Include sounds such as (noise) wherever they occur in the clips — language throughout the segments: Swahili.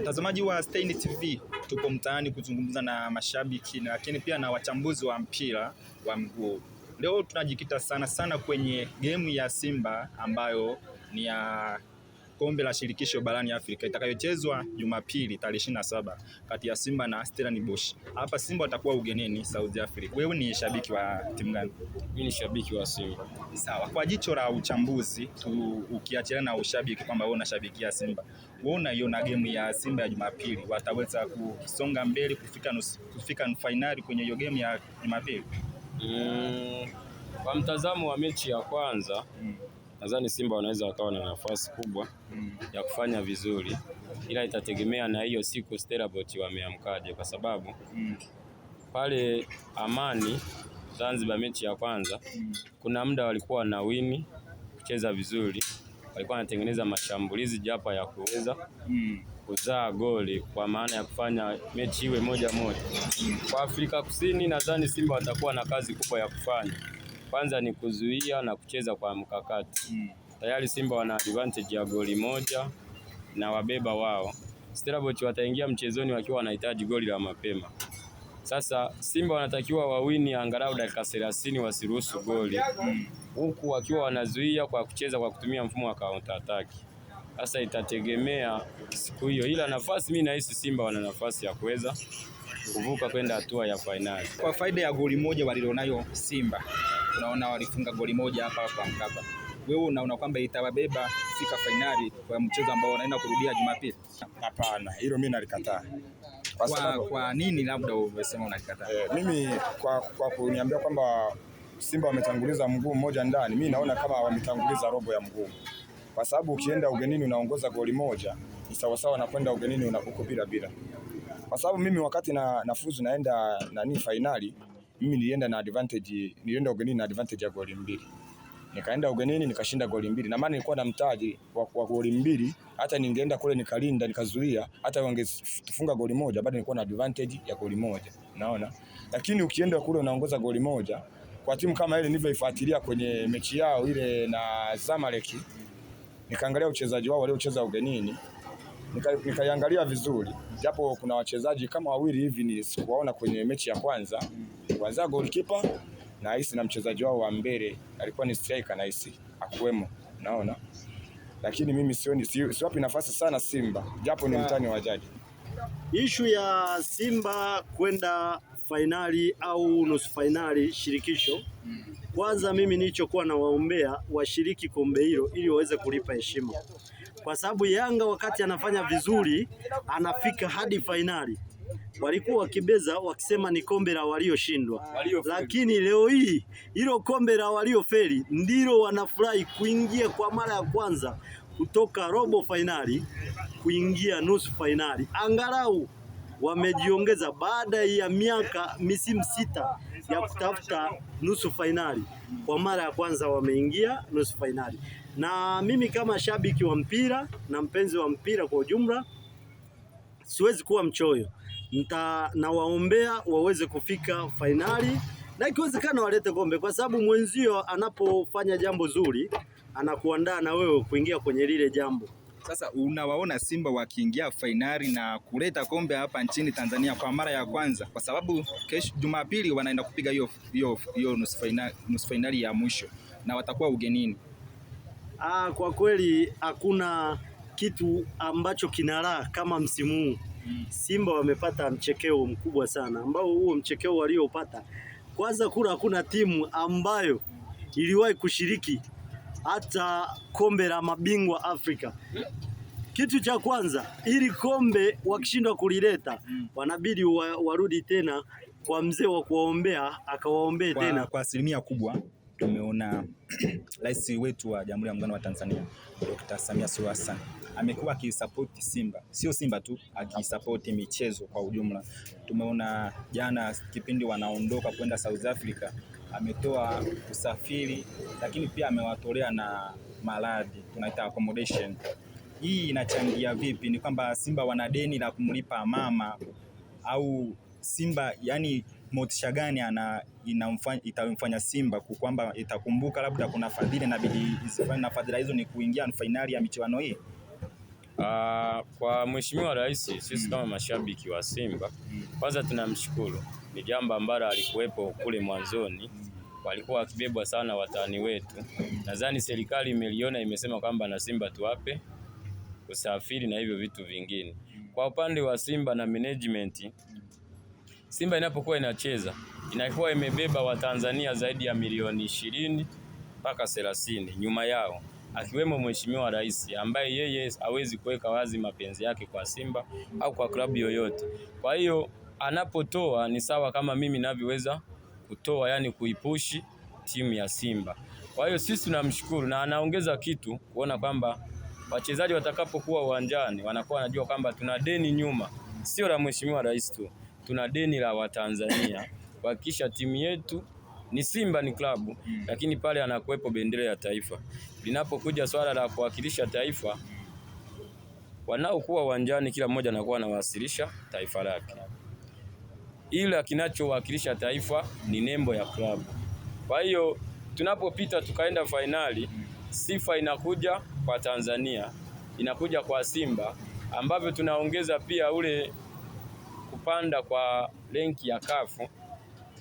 Mtazamaji wa Stein TV, tupo mtaani kuzungumza na mashabiki lakini pia na wachambuzi wa mpira wa mguu. Leo tunajikita sana sana kwenye gemu ya Simba ambayo ni ya kombe la shirikisho barani Afrika itakayochezwa Jumapili tarehe 27 kati ya Simba na Stellenbosch. Hapa Simba watakuwa ugenini South Africa. Wewe ni shabiki wa timu gani? Mimi ni shabiki wa Simba. Sawa, kwa jicho la uchambuzi tu, ukiachana na ushabiki kwamba wewe unashabikia Simba, wewe unaiona game ya Simba ya Jumapili, wataweza kusonga mbele kufika nusu, kufika finali kwenye hiyo game ya Jumapili? Mm, kwa mtazamo wa mechi ya kwanza mm nadhani Simba wanaweza wakawa na nafasi kubwa mm. ya kufanya vizuri, ila itategemea na hiyo siku Stellenbosch wameamkaje, kwa sababu mm. pale Amani Zanzibar mechi ya kwanza mm. kuna muda walikuwa na wini kucheza vizuri, walikuwa wanatengeneza mashambulizi japa ya kuweza mm. kuzaa goli kwa maana ya kufanya mechi iwe moja moja. Kwa Afrika Kusini nadhani Simba watakuwa na kazi kubwa ya kufanya kwanza ni kuzuia na kucheza kwa mkakati mm. Tayari Simba wana advantage ya goli moja na wabeba wao. Stellenbosch wataingia mchezoni wakiwa wanahitaji goli la mapema. Sasa Simba wanatakiwa wawini angalau dakika 30 wasiruhusu goli huku mm. wakiwa wanazuia kwa kucheza kwa kutumia mfumo wa counter attack. Sasa itategemea siku hiyo, ila nafasi, mimi nahisi Simba wana nafasi ya kuweza kuvuka kwenda hatua ya fainali kwa faida ya goli moja walilonayo Simba. Unaona walifunga goli moja hapa kwa Mkapa. Wewe unaona kwamba itawabeba fika fainali kwa mchezo ambao wanaenda kurudia Jumapili? Hapana, hilo mimi nalikataa. Kwa, kwa, kwa nini labda umesema unakataa? Eh, mimi kwa, kwa kuniambia kwamba Simba wametanguliza mguu mmoja ndani, mimi naona kama wametanguliza robo ya mguu, kwa sababu ukienda ugenini unaongoza goli moja ni sawasawa na kwenda ugenini unakuko bila bila, kwa sababu mimi wakati na nafuzu naenda nani fainali mimi nilienda na advantage, nilienda ugenini na advantage ya goli mbili nikaenda ugenini nikashinda goli mbili, na maana nilikuwa na mtaji wa, wa goli mbili. Hata ningeenda kule nikalinda nikazuia, hata wangefunga goli moja, bado nilikuwa na advantage ya goli moja, naona. Lakini ukienda kule unaongoza goli moja kwa timu kama ile nilivyoifuatilia kwenye mechi yao ile na Zamalek, nikaangalia uchezaji wao waliocheza ugenini nikaiangalia nika vizuri, japo kuna wachezaji kama wawili hivi sikuwaona kwenye mechi ya kwanza kwanza, goalkeeper na hisi na mchezaji wao wa mbele alikuwa ni striker na hisi akuwemo, naona lakini mimi sioni, siwapi nafasi sana Simba, japo ni mtani wa jadi. Ishu ya Simba kwenda fainali au nusu fainali shirikisho, kwanza mimi nilichokuwa nawaombea washiriki kombe hilo ili waweze kulipa heshima kwa sababu Yanga wakati anafanya vizuri anafika hadi fainali walikuwa wakibeza wakisema ni kombe la walioshindwa, lakini leo hii hilo kombe la waliofeli ndilo wanafurahi kuingia kwa mara ya kwanza kutoka robo fainali kuingia nusu fainali. Angalau wamejiongeza baada ya miaka misimu sita ya kutafuta nusu fainali, kwa mara ya kwanza wameingia nusu fainali na mimi kama shabiki wa mpira na mpenzi wa mpira kwa ujumla, siwezi kuwa mchoyo. nawaombea waweze kufika fainali na ikiwezekana walete kombe, kwa sababu mwenzio anapofanya jambo zuri anakuandaa na wewe kuingia kwenye lile jambo. Sasa unawaona Simba wakiingia fainali na kuleta kombe hapa nchini Tanzania kwa mara ya kwanza, kwa sababu kesho Jumapili wanaenda kupiga hiyo hiyo nusu fainali ya mwisho na watakuwa ugenini. Ah, kwa kweli hakuna kitu ambacho kina kama msimu huu. Simba wamepata mchekeo mkubwa sana, ambao huo mchekeo waliopata, kwanza kura, hakuna timu ambayo iliwahi kushiriki hata kombe la mabingwa Afrika. Kitu cha kwanza, ili kombe wakishindwa kulileta, wanabidi warudi tena kwa mzee wa kuwaombea, akawaombee tena kwa asilimia kubwa tumeona (clears throat) Rais wetu wa Jamhuri ya Muungano wa Tanzania Dr. Samia Suluhu Hassan amekuwa akisapoti Simba, sio Simba tu, akisapoti michezo kwa ujumla. Tumeona jana kipindi wanaondoka kwenda South Africa ametoa usafiri, lakini pia amewatolea na maradhi tunaita accommodation. Hii inachangia vipi? Ni kwamba Simba wana deni la kumlipa mama au Simba yani motisha gani ana itamfanya Simba kwamba itakumbuka labda kuna fadhili bidi izifanye na fadhila hizo ni kuingia finali ya michuano hii? Uh, kwa Mheshimiwa Rais sisi mm. kama mashabiki wa Simba mm. kwanza tunamshukuru. Ni jambo ambalo alikuwepo kule mwanzoni, walikuwa wakibebwa sana watani wetu. Nadhani serikali imeliona, imesema kwamba na Simba tuwape usafiri na hivyo vitu vingine. Kwa upande wa Simba na management Simba inapokuwa inacheza inakuwa imebeba Watanzania zaidi ya milioni ishirini mpaka thelathini nyuma yao, akiwemo Mheshimiwa Rais ambaye yeye hawezi kuweka wazi mapenzi yake kwa Simba au kwa klabu yoyote. Kwa hiyo anapotoa ni sawa kama mimi navyoweza kutoa, yani kuipushi timu ya Simba. Kwa hiyo sisi tunamshukuru na anaongeza kitu kuona kwamba wachezaji watakapokuwa uwanjani wanakuwa wanajua kwamba tuna deni nyuma, sio la Mheshimiwa Rais tu tuna deni la Watanzania kuhakikisha timu yetu ni Simba ni klabu mm. Lakini pale anakuwepo bendera ya taifa. Linapokuja swala la kuwakilisha taifa, wanaokuwa uwanjani kila mmoja anakuwa anawasilisha taifa lake, ila kinachowakilisha taifa ni nembo ya klabu. Kwa hiyo tunapopita tukaenda fainali, sifa inakuja kwa Tanzania, inakuja kwa Simba, ambavyo tunaongeza pia ule kupanda kwa renki ya kafu,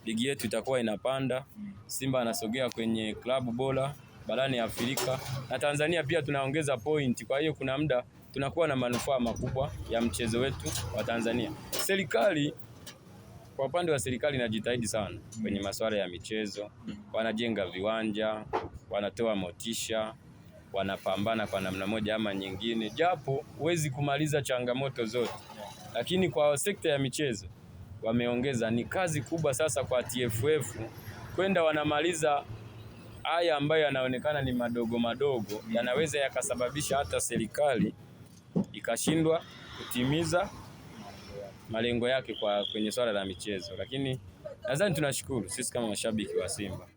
ligi yetu itakuwa inapanda. Simba anasogea kwenye klabu bora barani Afrika na Tanzania pia tunaongeza point. Kwa hiyo kuna muda tunakuwa na manufaa makubwa ya mchezo wetu wa Tanzania. Serikali kwa upande wa serikali inajitahidi sana kwenye masuala ya michezo, wanajenga viwanja, wanatoa motisha, wanapambana kwa namna moja ama nyingine, japo huwezi kumaliza changamoto zote. Lakini kwa sekta ya michezo wameongeza, ni kazi kubwa sasa kwa TFF kwenda wanamaliza haya ambayo yanaonekana ni madogo madogo, yanaweza yakasababisha hata serikali ikashindwa kutimiza malengo yake kwa kwenye swala la michezo, lakini nadhani tunashukuru sisi kama mashabiki wa Simba.